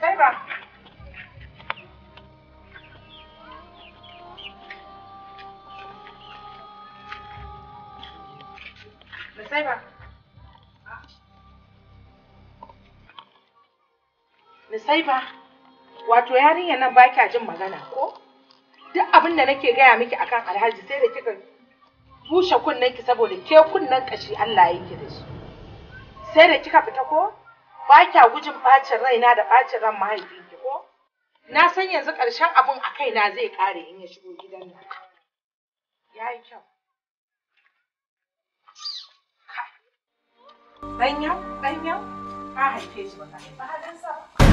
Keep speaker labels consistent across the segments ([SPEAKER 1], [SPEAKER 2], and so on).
[SPEAKER 1] sosai ba ba wato yarinyar nan ba kya jin magana ko? Duk abin da nake gaya miki akan Alhaji sai da kika bushe kunnenki saboda ke kunnen kashi Allah ya da su, Sai da kika fita ko? ba kya gujin bacin raina da bacin ran mahaifinki ko na san yanzu ƙarshen abin a kaina zai ƙare in ya shigo gidan nan ya yi kyau Danya, danya, ka haife shi ba ka haifa halinsa ba.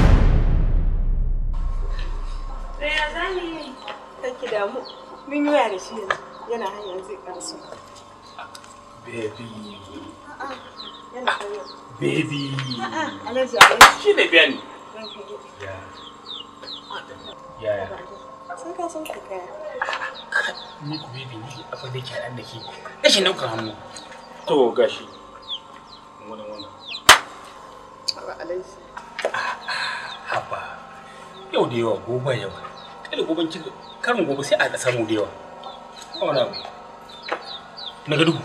[SPEAKER 1] Raya za mu yi. Kake damu, mun yi waya da shi yanzu yana hanyar zai ƙarasu.
[SPEAKER 2] Baby. Ah, baby. Shi ne biya Ya. Sun ka sun ka Ni ku baby ne abin da ke da ke. Yashin ɗaukar hannu. To gashi. Wani wannan. Haba. Yau da yawa gobe yawa. Kada goben karin gobe sai a samu da yawa. Wani Na ga duhu.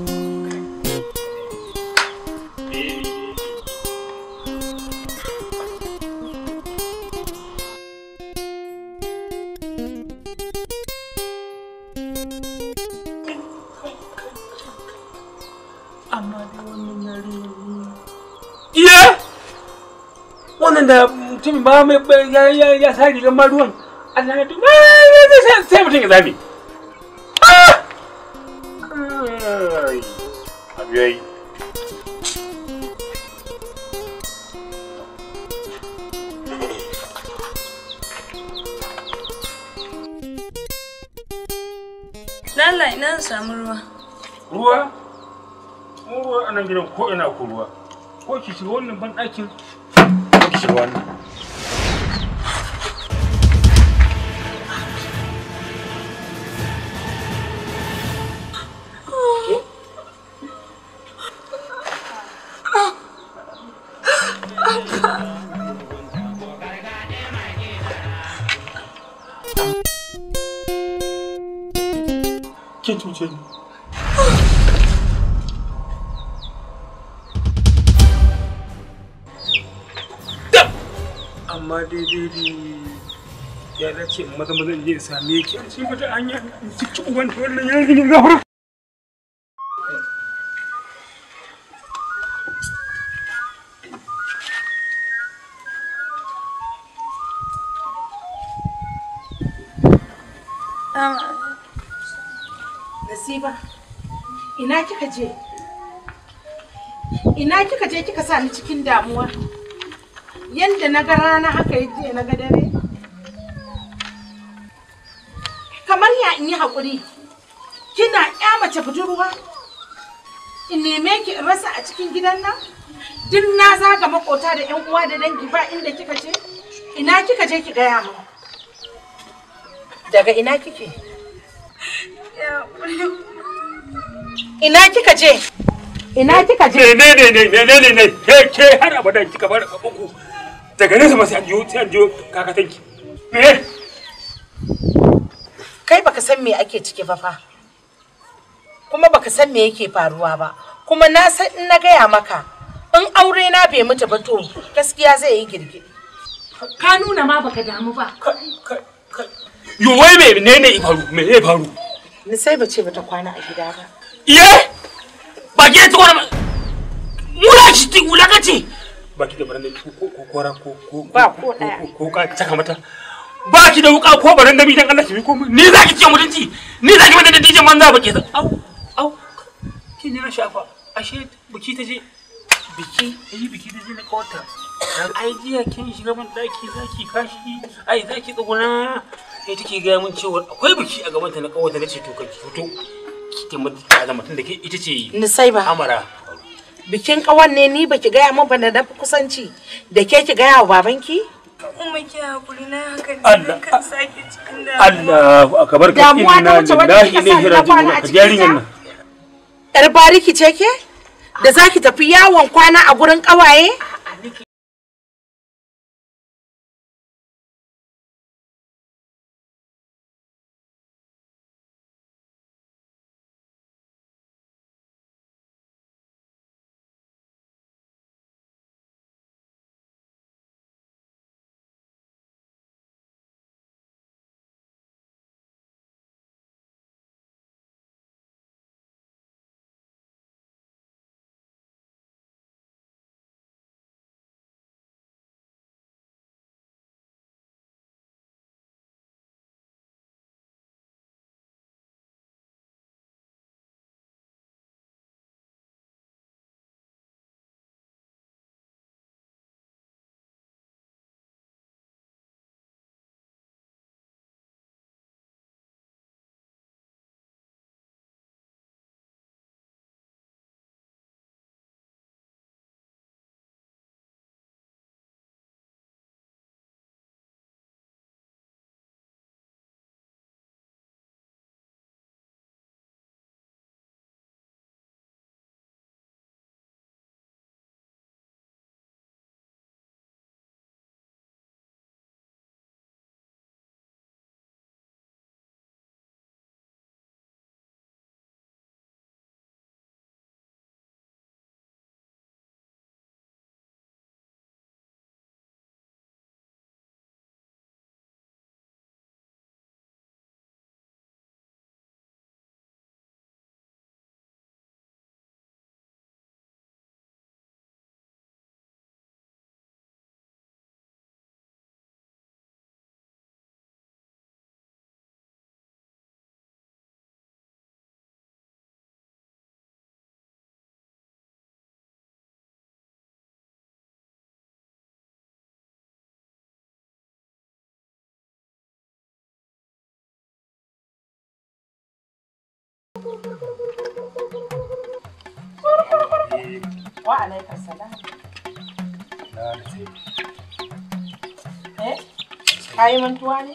[SPEAKER 2] da mutum ba mai ya ya sa rigar ma Allah ya tuba sai mutum ya zame ah! Abiyai Lala ina samu ruwa. Ruwa? Ruwa a nan gidan ko ina ko ruwa. Ko ki shiga wannan ban ɗakin everyone. Get to amma daidai da ya dace in maza maza je in same ki an ce mata an yi in ci uban ta wannan yarinyar zafara
[SPEAKER 1] ah, Nasiba, ina kika je? Ina kika je kika sa ni cikin damuwa? yadda na ga rana haka yi jiya na ga dare kamar ya in yi haƙuri kina ƴa mace budurwa in neme ki in rasa a cikin gidan nan duk na zaga makota da yan uwa da dangi ba inda kika je ina kika je ki gaya mu daga ina kike
[SPEAKER 2] ina kika je ina kika je ne ne ne ne ne ne ke har abadan kika bar abuku daga nesa ma sai an jiyo sai an jiyo kakatanki me
[SPEAKER 1] kai baka san me ake ciki ba fa kuma baka san me yake faruwa ba kuma na san in na gaya maka in aure na bai mutu ba to gaskiya zai yi girgi ka nuna ma baka damu ba
[SPEAKER 2] yo wai me ne ne faru me ne faru
[SPEAKER 1] ni sai ba ce ta kwana a gida ba
[SPEAKER 2] iye ba ke ta kwana mulaci ti wulakaci baki da barandami ko ko kora ko ko ba ko daya ko ka saka mata baki da wuka ko barandami dan Allah ki bi ko ni za ki ce mutunci ni za ki mata da dijin manza baki sa au au ki ne na shafa ashe biki ta je biki yi eh, biki da je na kawata dan ai jiya kin shiga ban daki zaki kashi ai zaki tsuguna kai take ga mun cewa akwai biki a gaban ta na kawata nace to kai to ki ta mata da ke ita ce ni sai ba amara bikin kawan
[SPEAKER 1] ne ni baki gaya min bana da kusanci da ke ki gaya wa babanki
[SPEAKER 2] umma ki hakuri na haka ne kan sake ka inna lillahi ka nan
[SPEAKER 1] yar bariki ce ke da zaki tafi yawon
[SPEAKER 2] kwana a gurin kawaye
[SPEAKER 1] Wa alaikar salam. Eh? Ka yi mantuwa ne?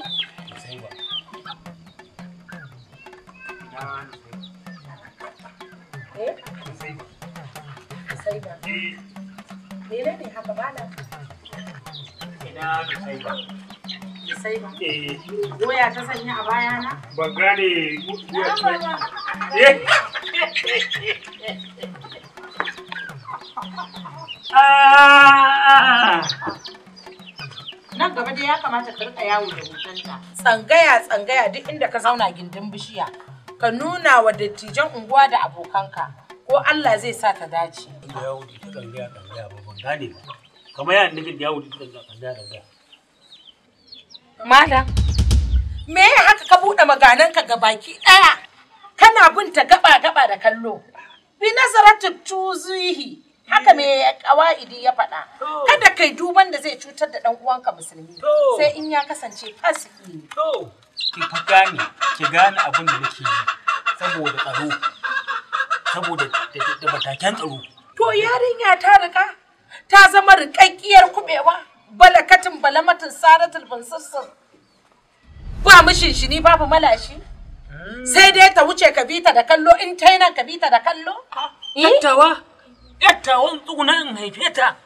[SPEAKER 2] Na Eh?
[SPEAKER 1] eh. ta sanya a bayana?
[SPEAKER 2] Ban gane.
[SPEAKER 1] Eh. Nan gaba dai ya kamata ka rika yawo da hotonta. Tsangaya tsangaya duk inda ka zauna gindin bishiya. Ka nuna wa dattijan unguwa da abokanka. Ko Allah zai sa ta dace.
[SPEAKER 2] Da ya wuce ta tsangaya tsangaya ba ban gane ba. Kamar yana nufin da yawo da ta tsangaya tsangaya tsangaya.
[SPEAKER 1] Malam, me ya haka ka buɗe magananka ga baki ɗaya? Kana bin ta gaba-gaba da kallo. Bi nazaratu tuzihi. haka me kawaidi ya faɗa kada kai duban da zai cutar da dan uwanka musulmi sai in ya kasance
[SPEAKER 2] fasiki ne to ki gane ki gane abin da nake yi saboda tsaro saboda da matakan tsaro
[SPEAKER 1] to yarinya ta rika ta zama rikakkiyar kubewa balakatin balamatin saratul bansassar ba mishin shi ni babu malashi hmm. sai dai ta wuce ka bita da kallo in ta nan ka bita da kallo tattawa
[SPEAKER 2] yatta wani tsuguna in haife ta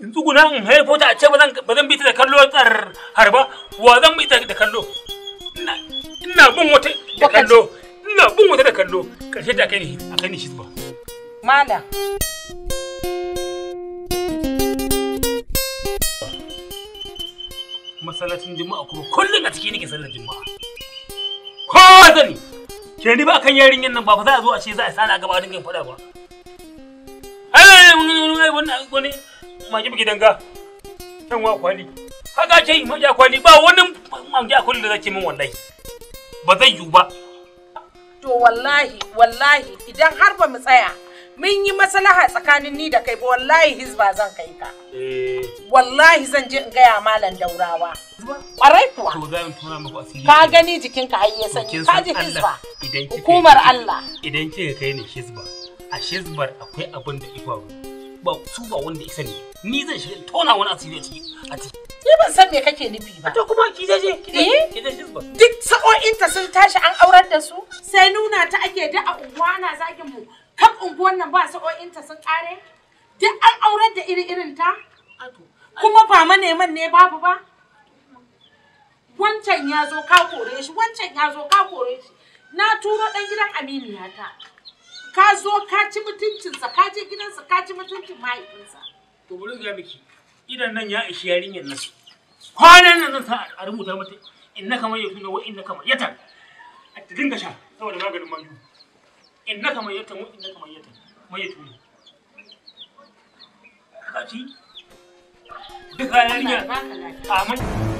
[SPEAKER 2] in tsuguna in haifo ta a ce ba zan bi da kallo tsar harba wa zan bi da kallo ina bin wata da kallo ina bin wata da kallo karshe ta kai ni a kai ni shi ba mala masallacin juma'a kuma kullum a ciki nake sallar juma'a ko zani ke ni ba kan yarinyar nan ba fa za a zo a ce za a sana gaba dinkin faɗa ba Eh, wani min idan
[SPEAKER 1] har mu tsaya mun yi maslaha tsakanin ni da kai ba wallahi hizba zan kai ka eh. wallahi zan je in gaya malam daurawa
[SPEAKER 2] kwarai kuwa ka
[SPEAKER 1] gani jikinka har ya sanyi ka ji hizba hukumar Allah
[SPEAKER 2] idan kika kai ni hizba a shezbar akwai abin da ifa ba su ba wanda ya sani ni zan shi tona wani asiri a ciki a ciki
[SPEAKER 1] ban san me kake nufi ba to kuma ki
[SPEAKER 2] je je ki je shezbar eh?
[SPEAKER 1] duk sa'o'in ta sun tashi an aurar da su sai nuna ta ake da a unguwa na zagin mu kan unguwan nan ba sa'o'in ta sun kare duk an aurar da iri irin ta kuma ba maneman ne babu ba wancan ya zo ka kore shi wancan ya zo ka kore shi na turo dan gidan aminiya ta ka zo ka ci mutuncinsa ka je gidansa ka ci mutuncin mahaifinsa
[SPEAKER 2] to bari ga miki idan nan ya ishi yarinyar nasu kwanan nan sa a rubuta mata inna kamar ya tuna wa inna kamar yatan a ta dinga sha saboda maganin manju inna kamar yatan wa inna kamar yatan mai ya tuna ka ci duk amin